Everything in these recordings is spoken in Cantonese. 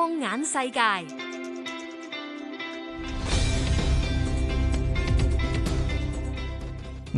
放眼世界。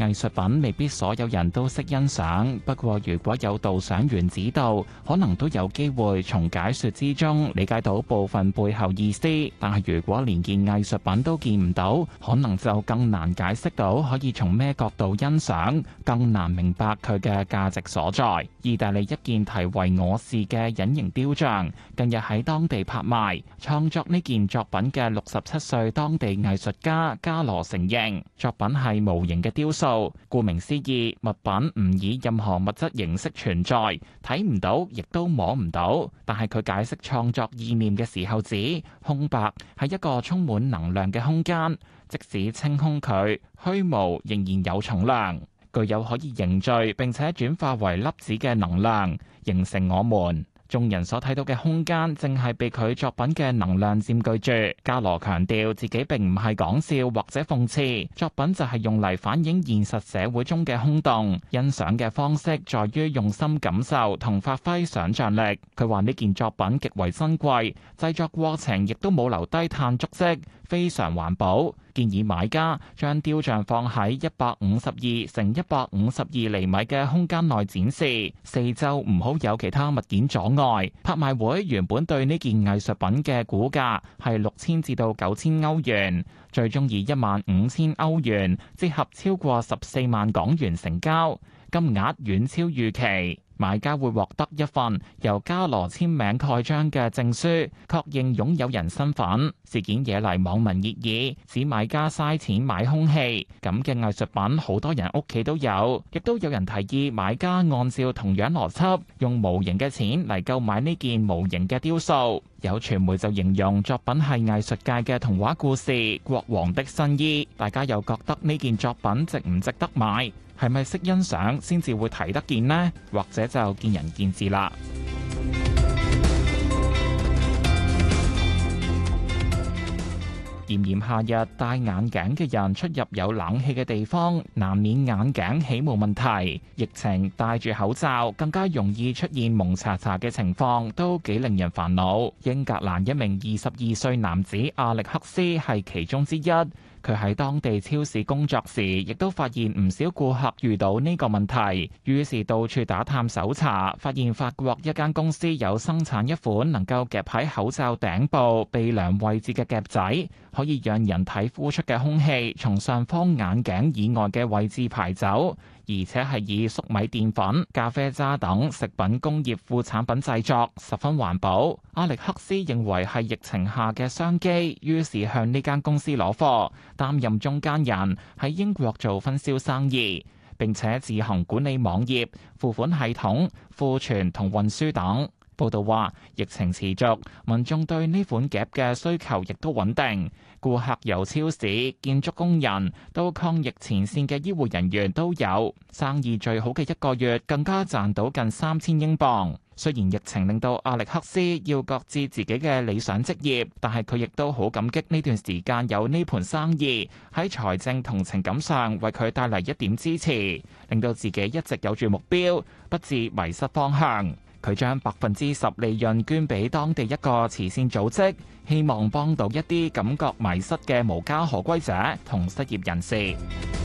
藝術品未必所有人都識欣賞，不過如果有導賞員指導，可能都有機會從解說之中理解到部分背後意思。但係如果連件藝術品都見唔到，可能就更難解釋到可以從咩角度欣賞，更難明白佢嘅價值所在。意大利一件題為《我是》嘅隱形雕像，近日喺當地拍賣。創作呢件作品嘅六十七歲當地藝術家加羅承認，作品係無形嘅雕塑。顧名思義，物品唔以任何物質形式存在，睇唔到，亦都摸唔到。但係佢解釋創作意念嘅時候指，空白係一個充滿能量嘅空間，即使清空佢，虛無仍然有重量，具有可以凝聚並且轉化為粒子嘅能量，形成我們。眾人所睇到嘅空間，淨係被佢作品嘅能量佔據住。加羅強調，自己並唔係講笑或者諷刺，作品就係用嚟反映現實社會中嘅空洞。欣賞嘅方式，在於用心感受同發揮想像力。佢話呢件作品極為珍貴，製作過程亦都冇留低碳足跡，非常環保。建議買家將雕像放喺一百五十二乘一百五十二厘米嘅空間內展示，四周唔好有其他物件阻礙。拍賣會原本對呢件藝術品嘅估價係六千至到九千歐元，最終以一萬五千歐元，折合超過十四萬港元成交，金額遠超預期。買家會獲得一份由嘉羅簽名蓋章嘅證書，確認擁有人身份。事件惹嚟網民熱議，指買家嘥錢買空氣。咁嘅藝術品好多人屋企都有，亦都有人提議買家按照同樣邏輯，用無形嘅錢嚟購買呢件無形嘅雕塑。有傳媒就形容作品係藝術界嘅童話故事《國王的新衣》，大家又覺得呢件作品值唔值得買？係咪識欣賞先至會睇得見呢？或者就見仁見智啦。炎炎 夏日，戴眼鏡嘅人出入有冷氣嘅地方，難免眼鏡起霧問題。疫情戴住口罩，更加容易出現蒙查查嘅情況，都幾令人煩惱。英格蘭一名二十二歲男子阿力克斯係其中之一。佢喺當地超市工作時，亦都發現唔少顧客遇到呢個問題，於是到處打探搜查，發現法國一間公司有生產一款能夠夾喺口罩頂部鼻梁位置嘅夾仔，可以讓人體呼出嘅空氣從上方眼鏡以外嘅位置排走。而且係以粟米澱粉、咖啡渣等食品工業副產品製作，十分環保。阿力克斯認為係疫情下嘅商機，於是向呢間公司攞貨，擔任中間人喺英國做分銷生意，並且自行管理網頁、付款系統、庫存同運輸等。報道話，疫情持續，民眾對呢款夾嘅需求亦都穩定。顧客由超市、建築工人、到抗疫前線嘅醫護人員都有。生意最好嘅一個月，更加賺到近三千英鎊。雖然疫情令到阿力克斯要擱置自、自己嘅理想職業，但係佢亦都好感激呢段時間有呢盤生意，喺財政同情感上為佢帶嚟一點支持，令到自己一直有住目標，不至迷失方向。佢將百分之十利潤捐俾當地一個慈善組織，希望幫到一啲感覺迷失嘅無家可歸者同失業人士。